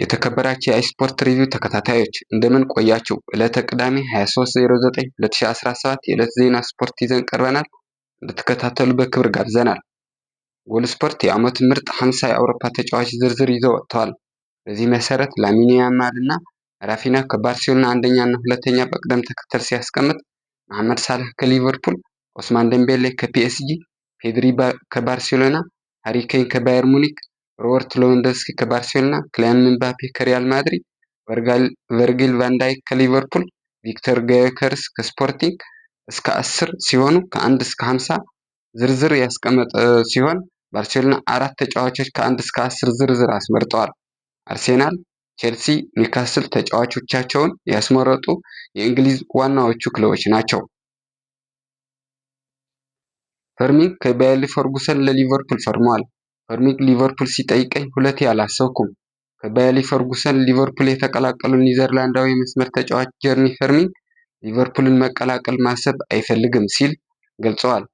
የተከበራችሁ የአይስፖርት ሪቪው ተከታታዮች እንደምን ቆያችሁ? ዕለተ ቅዳሜ 23/09/2017 የዕለት ዜና ስፖርት ይዘን ቀርበናል። እንድትከታተሉ በክብር ጋብዘናል። ጎል ስፖርት የዓመቱ ምርጥ 50 የአውሮፓ ተጫዋች ዝርዝር ይዘው ወጥተዋል። በዚህ መሰረት ላሚኒ ያማል እና ራፊና ከባርሴሎና አንደኛ እና ሁለተኛ በቅደም ተከተል ሲያስቀምጥ፣ መሐመድ ሳላህ ከሊቨርፑል፣ ኦስማን ደምቤሌ ከፒኤስጂ፣ ፔድሪ ከባርሴሎና፣ ሃሪ ከባየር ሙኒክ ሮበርት ሌዋንዶውስኪ ከባርሴሎና፣ ኪሊያን ኤምባፔ ከሪያል ማድሪድ፣ ቨርጂል ቫን ዳይክ ከሊቨርፑል፣ ቪክተር ጊዮከረስ ከስፖርቲንግ እስከ አስር ሲሆኑ ከ1 እስከ 50 ዝርዝር ያስቀመጠ ሲሆን ባርሴሎና አራት ተጫዋቾች ከ1 እስከ 10 ዝርዝር አስመርጠዋል። አርሴናል፣ ቼልሲ፣ ኒውካስል ተጫዋቾቻቸውን ያስመረጡ የእንግሊዝ ዋናዎቹ ክለቦች ናቸው። ፈርሚንግ ከባየር leverkusen ለሊቨርፑል ፈርሟል። ፐርሚክ ሊቨርፑል ሲጠይቀኝ ሁለቴ አላሰብኩም። ከባያሊ ፈርጉሰን ሊቨርፑል የተቀላቀለው ኒዘርላንዳዊ የመስመር ተጫዋች ጀርሚ ፐርሚክ ሊቨርፑልን መቀላቀል ማሰብ አይፈልግም ሲል ገልጸዋል።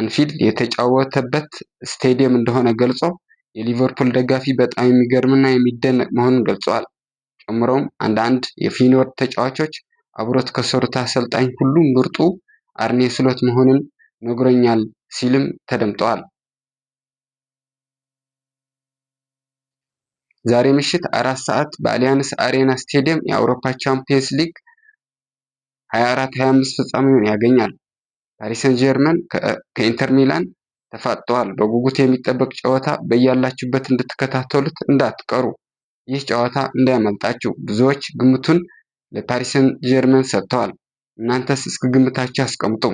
አንፊልድ የተጫወተበት ስቴዲየም እንደሆነ ገልጾ የሊቨርፑል ደጋፊ በጣም የሚገርምና የሚደነቅ መሆኑን ገልጸዋል። ጨምሮም አንዳንድ የፊኖርድ ተጫዋቾች አብሮት ከሰሩት አሰልጣኝ ሁሉ ምርጡ አርኔ ስሎት መሆኑን ነግሮኛል ሲልም ተደምጠዋል። ዛሬ ምሽት አራት ሰዓት በአሊያንስ አሬና ስቴዲየም የአውሮፓ ቻምፒየንስ ሊግ 24/25 ፍጻሜውን ያገኛል። ፓሪስ ሰን ዠርመን ከኢንተር ሚላን ተፋጠዋል። በጉጉት የሚጠበቅ ጨዋታ በያላችሁበት እንድትከታተሉት እንዳትቀሩ። ይህ ጨዋታ እንዳያመልጣችሁ። ብዙዎች ግምቱን ለፓሪስ ሰን ዠርመን ሰጥተዋል። እናንተስ እስከ ግምታችሁ አስቀምጡ።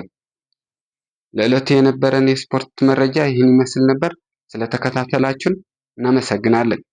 ለዕለቱ የነበረን የስፖርት መረጃ ይህን ይመስል ነበር። ስለተከታተላችሁን እናመሰግናለን።